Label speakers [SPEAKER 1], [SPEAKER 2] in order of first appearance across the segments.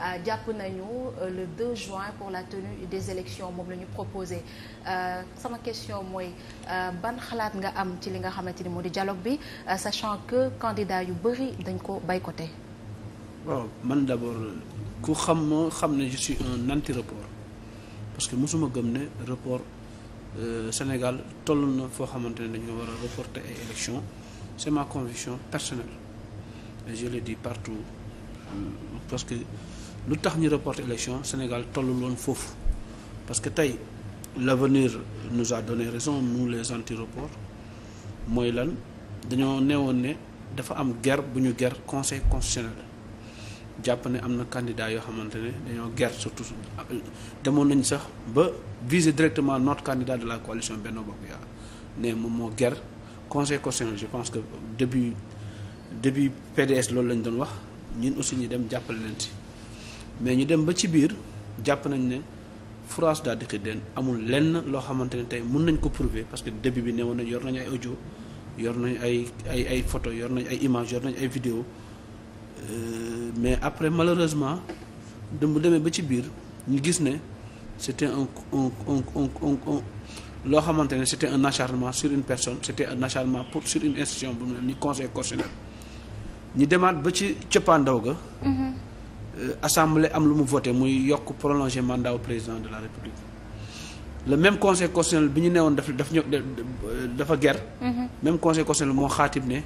[SPEAKER 1] Euh, jàpp nañu euh, le 2 juin pour la tenue des élections moom la ñu proposé euh, sama question mooy ban xalaat nga am ci li nga xamante ni moo di dialogue bi sachant que candidat yu bëri dañ ko boycotté. waaw man d' abord ku xam moo xam ne je suis un report parce que mosuma gëm ne report Sénégal tollu na foo xamante ne dañu war a reporter ay élections c' est ma conviction personnelle je le dis partout. parce que lu tax ñu reporter élection Sénégal tollul woon foofu parce que tey l'avenir nous a donné raison nous les anti-report mooy lan dañoo neewoon ne dafa am guerre bu ñu guerre conseil constitutionnel jàpp ne am na candidat yoo xamante ne dañoo guerre surtout demoon nañ sax ba viser directement notre candidat de la coalition benn Bokk Yaakaar ne moom moo guerre conseil constitutionnel je pense que depuis depuis PDS loolu lañ doon wax ñun aussi ñu dem jàppale leen ci mais ñu dem ba ci biir jàpp nañ ne France daal di den amul lenn loo xamante ne tey mun nañ ko prouver parce que début bi newoon nañ yor nañ ay ajo yor nañ ay ay ay photo yor nañ ay image yor nañ ay vidéo euh, mais après malheureusement dem mu demee ba ci biir ñu gis ne c'était un un un un un loo xamante ne c'était un acharnement sur une personne c'était un acharnement pour sur une institution bu mu ne ni conseil constitutionnel ñu demaat ba ci cëppaandaw ga mhm. euh, assemblée am lu mu voté muy yokk prolonger mandat président de la république le même conseil constitutionnel bi ñu newoon daf daf ñu dafa ger mhm. même conseil constitutionnel moo xaatib ne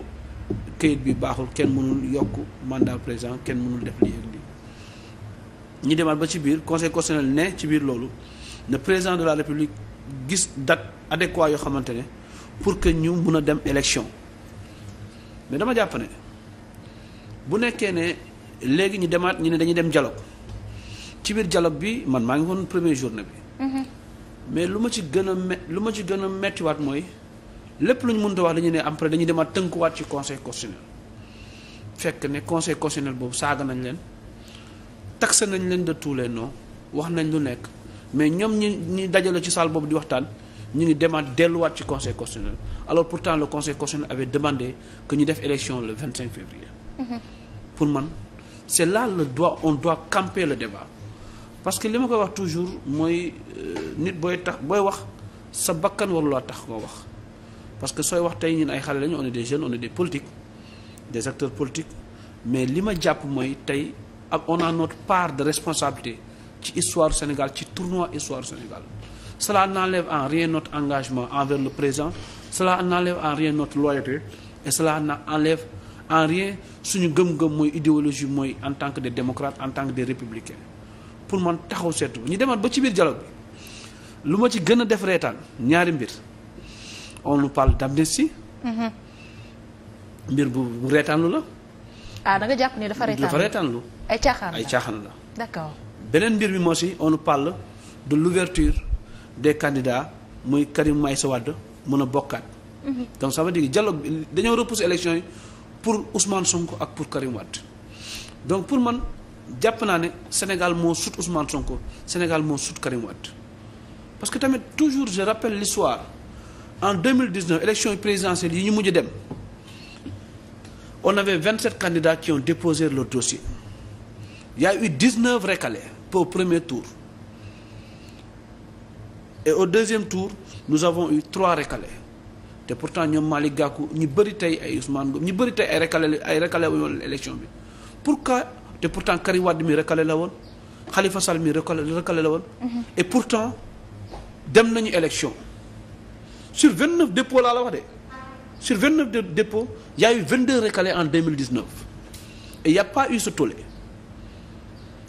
[SPEAKER 1] këyit bi baaxul kenn mënul yokk mandat président kenn mënul def lii ak lii ñu demaat ba ci biir conseil constitutionnel ne ci biir loolu ne président de la république gis dat adéquat yoo xamante ne pour que ñu mun a dem élection mais dama jàpp bu nekkee ne léegi ñu demaat ñu ne dañuy dem dialogue ci biir dialogue bi man maa ngi woon première journée bi. Mhm. mais lu ma ci gën a met lu ma ci gën a méttiwaat mooy lépp lu ñu mënta wax dañu ne après dañuy demaat tënkuwaat ci conseil constitutionnel fekk ne conseil constitutionnel boobu saaga nañ leen taxe nañ leen de tous les noms wax nañ lu nekk mais ñoom ñi ñi dajale ci salle boobu di waxtaan ñu ngi demaat delluwaat ci conseil constitutionnel alors pourtant le conseil constitutionnel avait demandé que ñu def élection le 25 février. pour man c'est là le doit on doit camper le débat parce que li ma koy wax toujours mooy euh, nit booy tax booy wax sa bakkan warulaa tax koo wax parce que sooy wax tey ñun ay xale lañu on est des jeunes on est des politiques des acteurs politiques mais li ma jàpp mooy tey ak on a notre part de responsabilité ci histoire Sénégal ci tournoi histoire Sénégal cela n'enlève en rien notre engagement envers le présent cela n'enlève en rien notre loyauté et cela n'enlève en rien suñu gëm-gëm mooy idéologie mooy en tant que de démocrates en tant que des républicains pour man taxaw seetlu ñu demaat ba ci biir dialogue bi lu ma ci gën a def reetaan ñaari mbir on nous parle d'amnistie mhm. mbir bu la. ah da nga jàpp ni dafa reetaanlu dafa reetaanlu ay ay caaxaan la. d'accord beneen mbir bi moo si on nous parle de l'ouverture des candidats muy Karim Meïssa Wade mën a bokkaat. Mhm. donc ça veut dire bi dañoo repousser élection yi. pour Ousmane sonk ak pour Karim Wade donc pour man jàpp naa ne Sénégal moo sut Ousmane Sonko Sénégal moo sut Karim Wade parce que tamit toujours je rappelle l'histoire en 2019 élection présidentielle yi ñu mujj dem on avait 27 candidats qui ont déposé leur dossier il y a eu 19 recalés pour premier tour et au deuxième tour nous avons eu trois recalés te pourtant ñoom Malick Gakou ñu bëri tey ay Ousmane Ngom ñu bëri tey ay recalé ay recalé woon élection bi pourquoi te pourtant Karim Wade mi recalé la woon Khalifa Sall mi recalé recalé la woon. Mhm. et pourtant dem nañu élection sur vingt neuf dépôts laa la wax de sur vingt neuf dépôts y a eu vingt deux recalés en deux mille dix neuf et y a pas eu ce tollé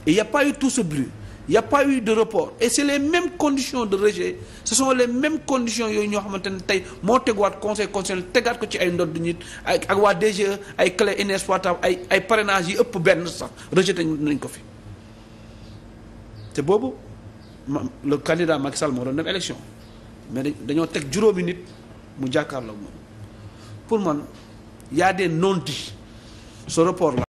[SPEAKER 1] et y a pas eu tout ce bruit. y a de report et c'est les mêmes conditions de rejet ce sont les mêmes conditions yooyu ñoo xamante ne tey moo teguwaat conseil constitutionnel tegaat ko ci ay ndodd nit ak waa DGE ay clé inexploitable ay ay parrainage yi ëpp benn sax rejeté nañ ko fi te boobu le candidat Macky Sall moo dem élection mais dañoo teg juróomi nit mu jàkkaarloo moom pour man y a des non-dits ce report là